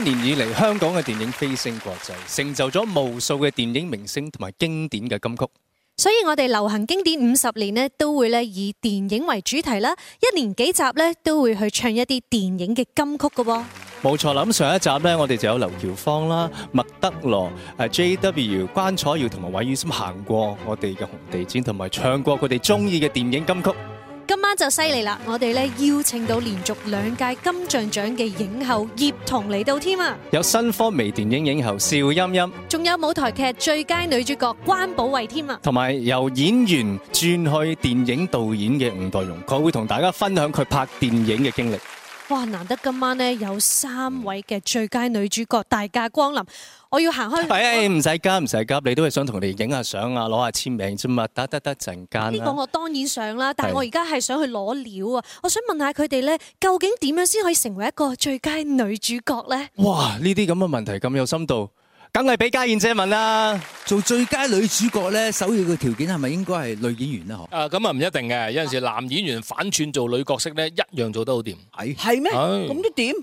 多年以嚟，香港嘅電影飛升國際，成就咗無數嘅電影明星同埋經典嘅金曲。所以我哋流行經典五十年咧，都會咧以電影為主題啦，一連幾集咧都會去唱一啲電影嘅金曲嘅喎。冇錯啦，咁上一集咧，我哋就有劉喬芳啦、麥德羅、JW、關楚耀同埋韋宇森行過我哋嘅紅地毯，同埋唱過佢哋中意嘅電影金曲。今晚就犀利啦！我哋咧邀請到連續兩屆金像獎嘅影后葉童嚟到添啊，有新科微電影影后邵音音，仲有舞台劇最佳女主角關寶慧添啊，同埋由演員轉去電影導演嘅吳岱融，佢會同大家分享佢拍電影嘅經歷。哇！難得今晚咧有三位嘅最佳女主角大駕光臨，我要行開。哎哎，唔使急，唔使急，你都係想同你影下相啊，攞下簽名啫嘛，得得得，陣間。呢個我當然想啦，但係我而家係想去攞料啊！是的 我想問下佢哋咧，究竟點樣先可以成為一個最佳女主角咧？哇！呢啲咁嘅問題咁有深度。梗係俾家燕姐問啦，做最佳女主角咧，首要嘅條件係咪應該係女演員咧？嗬，誒，咁啊唔一定嘅，有陣時男演員反串做女角色咧，一樣做得好掂。係係咩？咁都掂。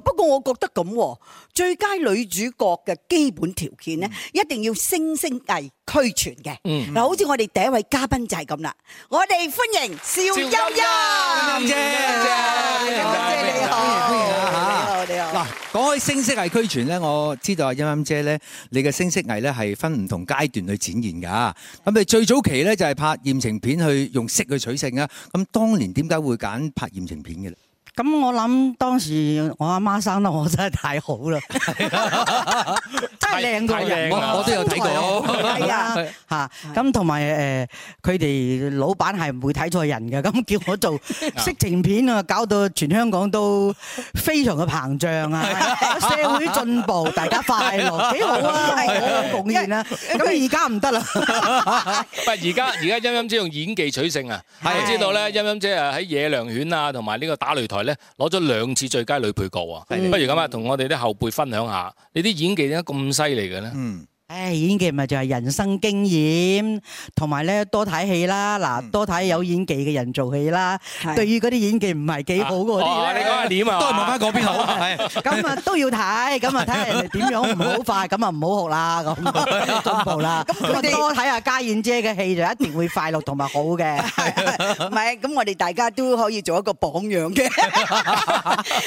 不過我覺得咁，最佳女主角嘅基本條件咧，一定要聲聲藝俱全嘅。嗱，好似我哋第一位嘉賓就係咁啦，我哋歡迎邵音音姐。你好。講開聲色藝俱全咧，我知道啊，音音姐咧，你嘅聲色藝咧係分唔同階段去展現噶。咁你的最早期咧就係拍艷情片，去用色去取勝啊。咁當年點解會揀拍艷情片嘅咧？咁我諗當時我阿媽生得我真係太好啦，真係靚過人，我都有睇到，係啊，吓，咁同埋誒佢哋老闆係唔會睇錯人嘅，咁叫我做色情片啊，搞到全香港都非常嘅膨脹啊，社會進步，大家快樂幾好啊，好貢獻啊，咁而家唔得啦，喂而家而家音音姐用演技取勝啊，我知道咧音音姐啊，喺野良犬啊同埋呢個打擂台。攞咗兩次最佳女配角啊，係啊。不如咁啊，同我哋啲後輩分享下，你啲演技點解咁犀利嘅咧？嗯唉，演技咪就係人生經驗，同埋咧多睇戲啦，嗱多睇有演技嘅人做戲啦。對於嗰啲演技唔係幾好嗰啲咧，你講下點啊？都係問翻講邊好啊？咁啊都要睇，咁啊睇下人哋點樣唔好快，咁啊唔好學啦，咁進步啦。咁我多睇下家燕姐嘅戲就一定會快樂同埋好嘅。唔係，咁我哋大家都可以做一個榜樣嘅。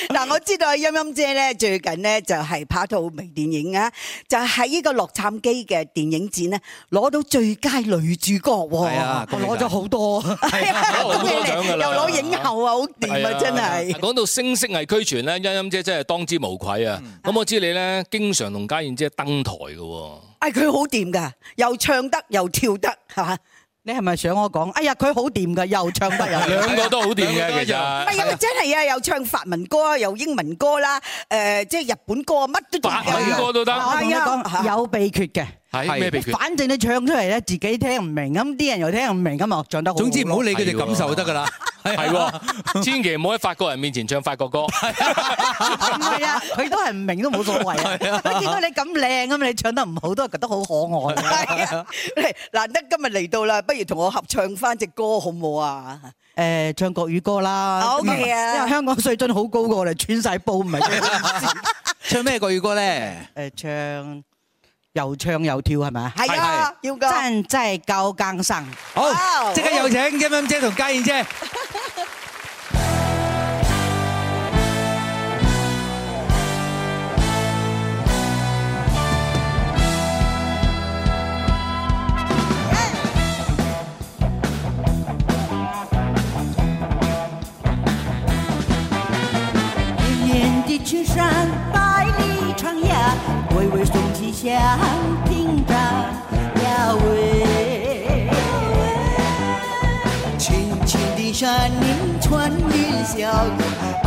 嗱，我知道音音姐咧最近咧就係拍套微電影啊，就喺呢個洛杉機嘅電影展咧，攞到最佳女主角喎，攞咗好多，恭喜你，又攞影后 很啊，好掂啊，真係的。講、啊啊、到聲色藝俱全咧，音音姐，姐真係當之無愧啊。咁、嗯、我知你咧經常同家燕姐登台噶，哎，佢好掂噶，又唱得又跳得，係你係咪想我講？哎呀，佢好掂㗎，又唱得又兩個都好掂嘅其實。唔係啊，因為真係啊，又唱法文歌，又英文歌啦，誒，即係日本歌啊，乜都得。法文歌都得。係啊，有秘訣嘅。係咩秘訣？反正你唱出嚟咧，自己聽唔明，咁啲人又聽唔明咁啊，唱得好。總之唔好理佢哋感受就得㗎啦。係係喎，千祈唔好喺法國人面前唱法國歌。係啊，佢都係唔明都冇所謂啊。見到你咁靚啊，你唱得唔好，都係覺得好可愛啊。難得今日嚟到啦，不如同我合唱翻隻歌好唔好啊？誒，唱國語歌啦。好嘅。因為香港水準好高嘅，我哋穿曬煲唔係。唱咩國語歌咧？誒，唱又唱又跳係咪啊？係啊，要講。站在高崗上。好，即刻有請音音姐同家燕姐。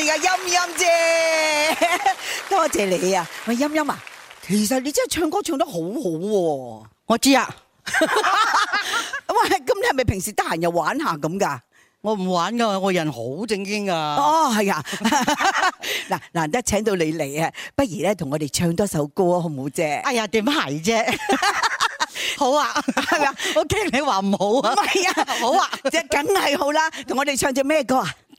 係啊，音音姐，多謝你啊！喂，音音啊，其實你真係唱歌唱得好好喎，我知啊。喂，咁你係咪平時得閒又玩下咁噶？我唔玩噶，我人好正經噶。哦，係啊。嗱，難得請到你嚟啊，不如咧同我哋唱多首歌啊，好唔好啫？哎呀，點係啫？好啊，係咪啊？我驚你話唔好啊。唔係啊，好啊，即係梗係好啦，同我哋唱隻咩歌啊？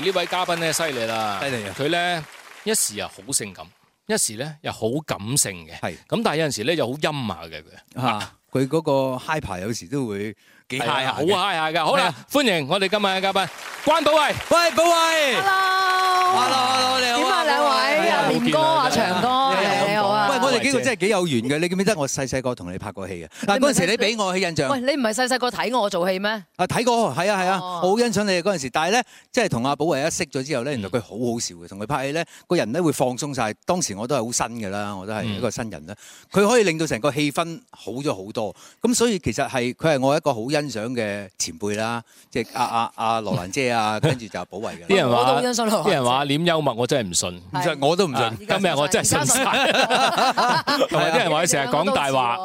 呢位嘉賓咧犀利啦，犀利啦，佢咧一時又好性感，一時咧又好感性嘅，咁但係有陣時咧又好陰下嘅佢嚇，佢嗰個 high 牌有時都會幾 high 下，好 high 下㗎，好啦，歡迎我哋今晚嘅嘉賓關寶慧，喂，寶慧，hello，hello hello 你好，點啊兩位啊，廉哥啊祥哥。幾個真係幾有緣嘅？你記唔記得我細細個同你拍過戲嘅？嗱，嗰陣時你俾我嘅印象，喂，你唔係細細個睇我做戲咩？啊，睇過，係啊係啊，好、啊哦、欣賞你嗰陣時。但係咧，即係同阿寶慧一識咗之後咧，原來佢好好笑嘅。同佢、嗯、拍戲咧，個人咧會放鬆晒。當時我都係好新嘅啦，我都係一個新人啦。佢、嗯、可以令到成個氣氛好咗好多。咁所以其實係佢係我一個好欣賞嘅前輩啦。即係阿阿阿羅蘭姐啊，跟住就寶慧嘅。啲人話，啲人話，點幽默，我真係唔信。係，我都唔信。啊、今日我真係信 同埋啲人話你成日講大話，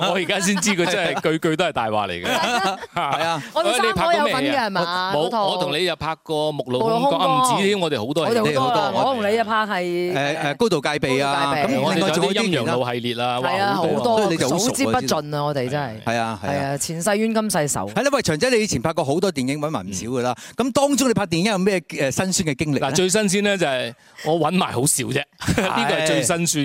我而家先知佢真係句句都係大話嚟嘅。係啊，我哋拍嘅，係咪？冇，我同你又拍過《目露凶光》，唔止我哋好多好多。我同你又拍係誒誒《高度戒備》啊，咁我哋做有啲《陰陽路》系列啦，係啊，好多數之不盡啊！我哋真係係啊係啊，前世冤，今世仇。係啦，喂，長仔，你以前拍過好多電影，揾埋唔少㗎啦。咁當中你拍電影有咩誒辛酸嘅經歷嗱，最新鮮咧就係我揾埋好少啫，呢個係最辛酸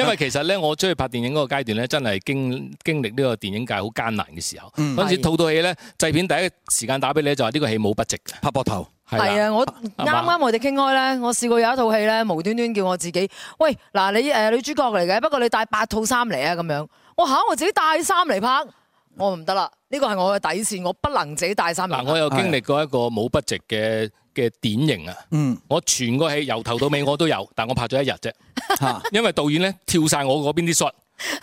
嘅。因為其實咧，我出去拍電影嗰個階段咧，真係經經歷呢個電影界好艱難嘅時候。嗰陣、嗯、時，套套戲咧，製是的 片第一時間打俾你咧，就話呢個戲冇 budget 拍膊頭係啊，是的拍我啱啱同你傾開咧，拍我試過有一套戲咧，無端端叫我自己喂嗱，你誒女、呃、主角嚟嘅，不過你帶八套衫嚟啊咁樣，我吓我自己帶衫嚟拍。我唔得啦，呢個係我嘅底線，我不能自己帶三日。嗱，我有經歷過一個冇不值嘅嘅典型啊。嗯的，我全個戲由頭到尾我都有，但我拍咗一日啫， 因為導演呢跳晒我嗰邊啲戲。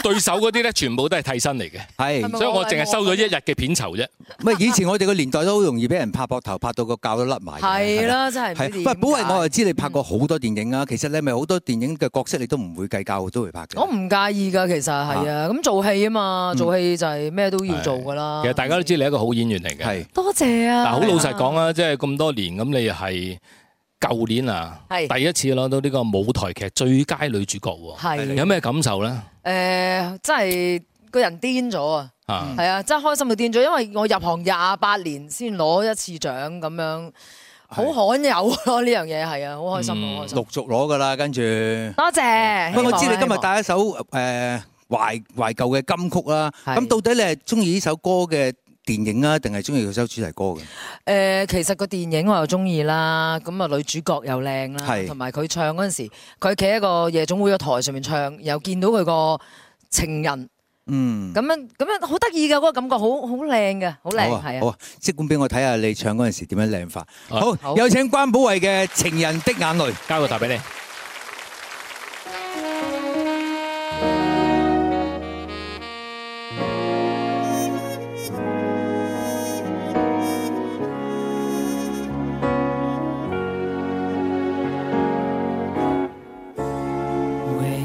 對手嗰啲咧，全部都係替身嚟嘅。係，所以我淨係收咗一日嘅片酬啫。唔係，以前我哋個年代都好容易俾人拍膊頭，拍到個臼都甩埋。係啦，真係。係，喂，寶慧，我又知你拍過好多電影啊。其實你咪好多電影嘅角色，你都唔會計較，都會拍嘅。我唔介意噶，其實係啊，咁做戲啊嘛，做戲就係咩都要做噶啦。其實大家都知你係一個好演員嚟嘅。係，多謝啊。嗱，好老實講啊，即係咁多年咁，你係。舊年啊，第一次攞到呢個舞台劇最佳女主角喎，有咩感受咧？誒，真係個人癲咗啊！係啊，真係開心到癲咗，因為我入行廿八年先攞一次獎咁樣，好罕有咯呢樣嘢係啊，好開心，好開心。陸續攞㗎喇，跟住多謝。唔，我知你今日帶一首誒懷懷舊嘅金曲啊，咁到底你係鍾意呢首歌嘅，電影啊，定係中意佢首主題歌嘅？誒，其實個電影我又中意啦，咁啊女主角又靚啦，同埋佢唱嗰陣時，佢企喺個夜總會嘅台上面唱，又見到佢個情人，嗯，咁樣咁樣好得意嘅嗰個感覺，好好靚嘅，好靚係啊！好啊，即管俾我睇下你唱嗰陣時點樣靚法。好，有請關寶慧嘅《情人的眼淚》，交個台俾你。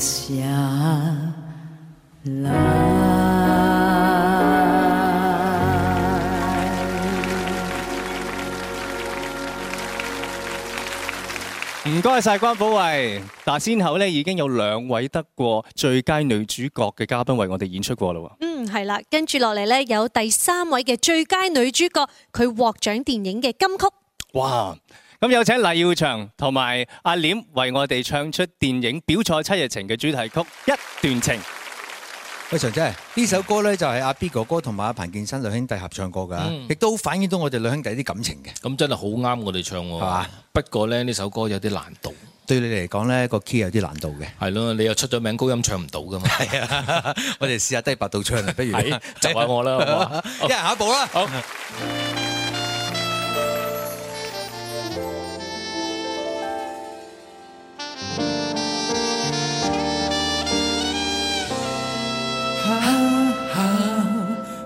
唔該晒關寶慧，但先後咧已經有兩位得過最佳女主角嘅嘉賓為我哋演出過咯。嗯，係啦，跟住落嚟呢，有第三位嘅最佳女主角，佢獲獎電影嘅金曲。哇。咁有請黎耀祥同埋阿廉為我哋唱出電影《表錯七日情》嘅主題曲一段情。喂，祥姐，呢首歌咧就係阿 B 哥哥同埋阿彭建新兩兄弟合唱過噶，亦都、嗯、反映到我哋兩兄弟啲感情嘅。咁、嗯、真係好啱我哋唱喎、啊，係嘛吧？不過咧呢首歌有啲難度，對你嚟講咧個 key 有啲難度嘅。係咯，你又出咗名高音唱唔到噶嘛？係啊，我哋試下低八度唱啊，不如你就翻我啦，好 一人下一步啦。好。Uh,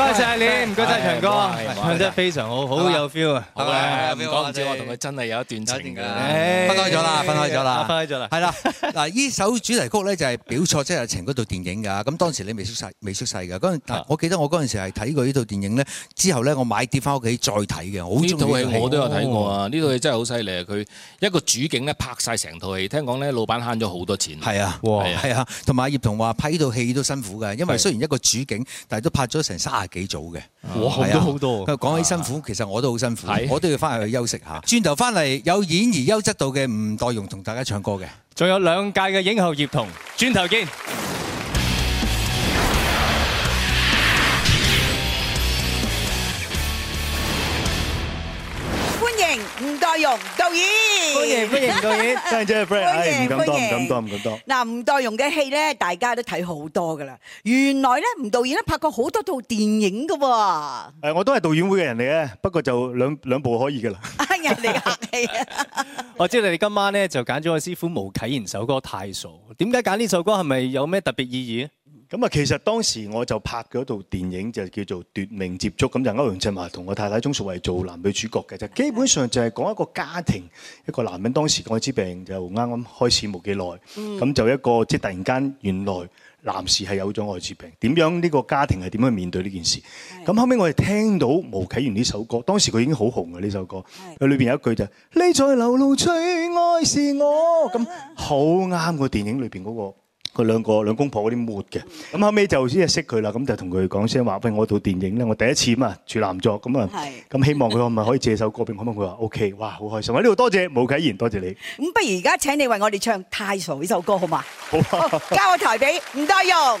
多謝你，唔該晒。強哥，唱得非常好，好有 feel 啊！好咧，唔講唔知，我同佢真係有一段情㗎。分開咗啦，分開咗啦，分開咗啦，係啦。嗱，呢首主題曲咧就係《表錯即有情》嗰套電影㗎。咁當時你未出世，未出世㗎。嗰陣嗱，我記得我嗰陣時係睇過呢套電影咧。之後咧，我買碟翻屋企再睇嘅，好中意。呢套戲我都有睇過啊！呢套戲真係好犀利啊！佢一個主景咧拍晒成套戲，聽講咧老闆慳咗好多錢。係啊，係啊，同埋葉童話拍依套戲都辛苦㗎，因為雖然一個主景，但係都拍咗成三廿。幾早嘅，係啊哇，好的多好多。講起辛苦，是的 其實我都好辛苦，是的 我都要翻去休息吓，轉頭翻嚟有演而優則導嘅吳岱融同大家唱歌嘅，仲有兩屆嘅影后葉童，轉頭見。容導演，歡迎歡迎，導演，真係真係 friend，唔敢多唔敢多唔敢多。嗱迎，吳、啊、岱融嘅戲咧，大家都睇好多噶啦。原來咧，吳導演咧拍過好多套電影噶喎、啊。我都係導演會嘅人嚟嘅，不過就兩兩部可以嘅啦。人哋客氣啊！我知道你哋今晚咧就揀咗個師傅巫啟賢首歌《太傻》，點解揀呢首歌？係咪有咩特別意義？咁啊，其實當時我就拍一套電影就叫做《奪命接觸》。咁就歐陽震華同我太太鍾淑慧做男女主角嘅，就是、基本上就係講一個家庭，一個男人當時愛滋病就啱啱開始冇幾耐，咁、嗯、就一個即係、就是、突然間原來男士係有咗愛滋病，點樣呢、這個家庭係點去面對呢件事？咁是的 後尾我哋聽到毛啟源呢首歌，當時佢已經好紅嘅呢首歌，佢是的 裏邊有一句就是嗯、你在流露最愛是我，咁好啱個電影裏邊嗰、那個。兩個兩公婆嗰啲抹嘅，咁、嗯、後尾就先係識佢啦，咁、嗯、就同佢講聲話，嗯、喂，我套電影咧，我第一次嘛，處男作，咁啊，咁希望佢可唔可以借首歌俾我？咁佢話 O K，哇，好開心啊！呢度多謝巫啟賢，多謝你。咁不如而家請你為我哋唱《太傻》呢首歌好嘛？好嗎，交個好、啊、台俾吳岱融！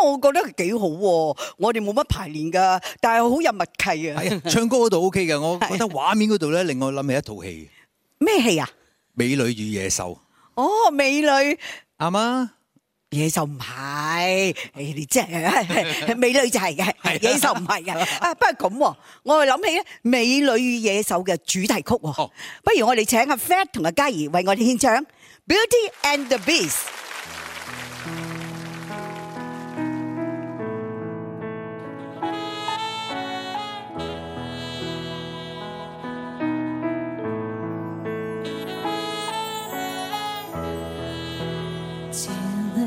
我覺得佢幾好喎，我哋冇乜排練噶，但係好有默契啊！唱歌嗰度 OK 嘅，我覺得畫面嗰度咧令我諗起一套戲。咩戲啊？美女與野獸。哦，美女。啱啊！野獸唔係，你真係美女就係嘅，野獸唔係嘅。啊，不過咁，我係諗起咧《美女與野獸》嘅主題曲，不如我哋請阿 Fat 同阿嘉怡為我哋獻唱《Beauty and the Beast》。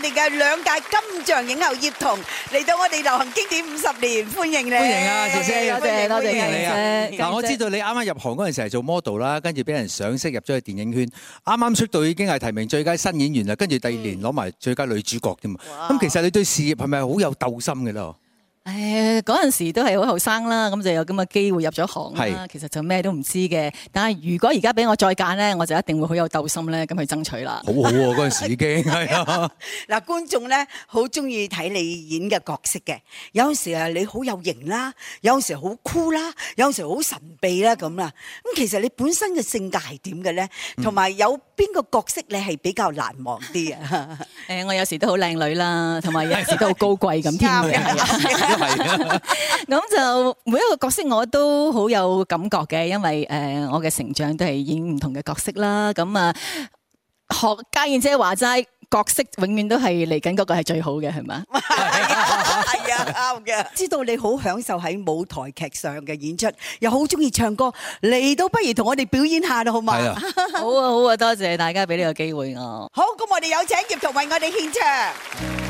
我哋嘅兩屆金像影后葉童嚟到我哋流行經典五十年，歡迎你！歡迎啊，謝謝，多謝你，多謝你啊！嗱，我知道你啱啱入行嗰陣時係做 model 啦，跟住俾人賞識入咗去電影圈，啱啱出道已經係提名最佳新演員啦，跟住第二年攞埋最佳女主角添啊！咁其實你對事業係咪好有鬥心嘅咯？誒嗰陣時都係好後生啦，咁就有咁嘅機會入咗行啦。是其實就咩都唔知嘅。但係如果而家俾我再揀咧，我就一定會好有鬥心咧，咁去爭取啦。好好喎，嗰陣時已經係啊！嗱、 啊，觀眾咧好中意睇你演嘅角色嘅。有陣時啊，你好有型啦，有陣時好酷啦，有陣時好神秘啦咁啦。咁其實你本身嘅性格係點嘅咧？同埋、嗯、有。邊個角色你係比較難忘啲啊？誒、 呃，我有時都好靚女啦，同埋有，有時都好高貴咁添。咁 就每一個角色我都好有感覺嘅，因為誒、呃、我嘅成長都係演唔同嘅角色啦。咁啊，學家燕姐話齋，角色永遠都係嚟緊嗰個係最好嘅，係咪？ 係啊，啱嘅、哎。 知道你好享受喺舞台劇上嘅演出，又好中意唱歌，嚟到不如同我哋表演下啦，好嘛？啊的， 好啊，好啊，多謝大家俾呢個機會我。 好，咁我哋有請葉童為我哋獻唱。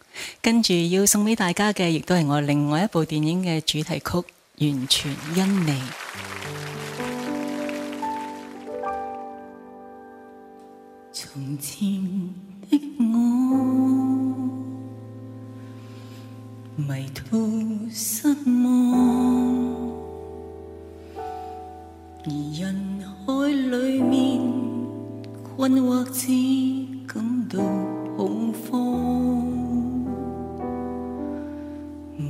跟住要送畀大家嘅，亦都係我另外一部電影嘅主題曲《完全因你》。從前的我迷途失望，而人海裡面困惑，只感到恐慌。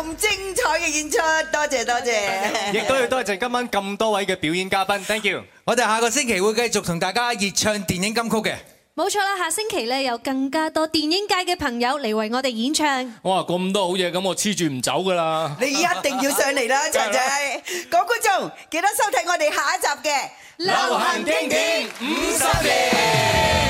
咁精彩嘅演出，多謝多謝，亦都要多謝今晚咁多位嘅表演嘉賓，Thank you。我哋下個星期會繼續同大家熱唱電影金曲嘅，冇錯啦，下星期呢有更加多電影界嘅朋友嚟為我哋演唱。哇，咁多好嘢，咁我黐住唔走噶啦，你一定要上嚟啦，長仔。各位觀眾，記得收睇我哋下一集嘅流行經典五十年。